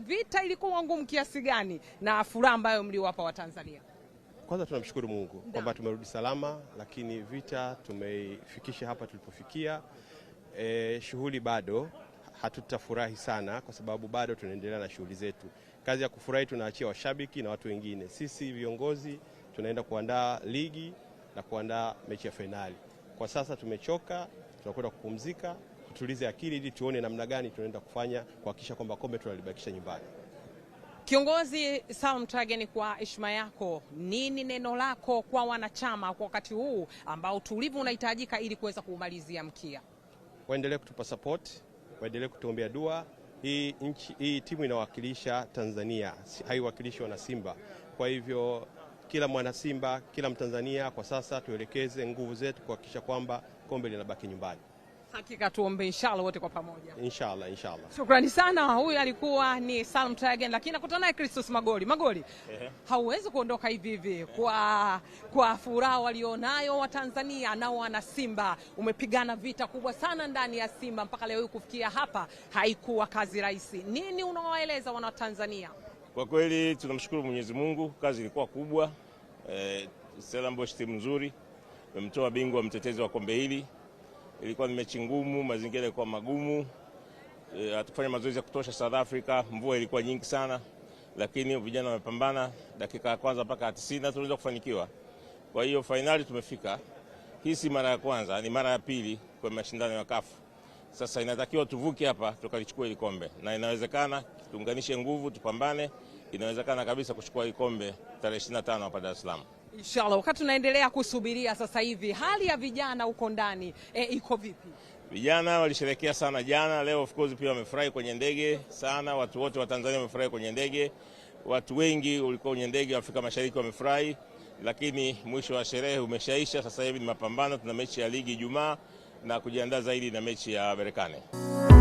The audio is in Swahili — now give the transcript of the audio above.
kwenye vita ilikuwa ngumu kiasi gani na furaha ambayo mliwapa Watanzania? Kwanza tunamshukuru Mungu kwamba tumerudi salama, lakini vita tumeifikisha hapa tulipofikia. E, shughuli bado hatutafurahi sana kwa sababu bado tunaendelea na shughuli zetu. Kazi ya kufurahi tunaachia washabiki na watu wengine. Sisi viongozi tunaenda kuandaa ligi na kuandaa mechi ya fainali. Kwa sasa tumechoka, tunakwenda kupumzika tutulize akili ili tuone namna gani tunaenda kufanya kuhakikisha kwamba kombe tunalibakisha nyumbani. Kiongozi Sam Mtarageni, kwa heshima yako, nini neno lako kwa wanachama kwa wakati huu ambao utulivu unahitajika ili kuweza kuumalizia mkia? Waendelee kutupa support, waendelee kutuombea dua. Hii nchi, hii timu inawakilisha Tanzania, haiwakilishi wanasimba. Kwa hivyo kila mwanasimba, kila Mtanzania kwa sasa tuelekeze nguvu zetu kuhakikisha kwamba kombe linabaki nyumbani. Hakika tuombe inshallah wote kwa pamoja. Inshallah, inshallah. Shukrani sana. Huyu alikuwa ni Salum Tragen lakini nakutana naye Christos Magoli. Magoli. Hauwezi kuondoka hivi hivi kwa kwa furaha walionayo Watanzania na wana Simba. Umepigana vita kubwa sana ndani ya Simba mpaka leo kufikia hapa haikuwa kazi rahisi. Nini unawaeleza wana Tanzania? Kwa kweli tunamshukuru Mwenyezi Mungu, kazi ilikuwa kubwa. Eh, Stellenbosch timu nzuri. Umemtoa bingwa mtetezi wa kombe hili Ilikuwa ni mechi ngumu, mazingira yalikuwa magumu, hatukufanya e, mazoezi ya kutosha. South Africa, mvua ilikuwa nyingi sana, lakini vijana wamepambana dakika ya kwanza mpaka 90 tuliweza kufanikiwa. Kwa hiyo fainali tumefika. Hii si mara ya kwanza, ni mara ya pili kwa mashindano ya CAF. Sasa inatakiwa tuvuke hapa tukalichukua hili kombe, na inawezekana, tuunganishe nguvu, tupambane. Inawezekana kabisa kuchukua hili kombe tarehe 25 hapa Dar es Salaam. Inshallah. Wakati tunaendelea kusubiria sasa hivi, hali ya vijana huko ndani e, iko vipi? Vijana walisherekea sana jana, leo of course pia wamefurahi kwenye ndege sana. Watu wote wa Tanzania wamefurahi kwenye ndege, watu wengi ulikuwa kwenye ndege wa Afrika Mashariki wamefurahi, lakini mwisho wa sherehe umeshaisha. Sasa hivi ni mapambano, tuna mechi ya ligi Ijumaa na kujiandaa zaidi na mechi ya Marekani.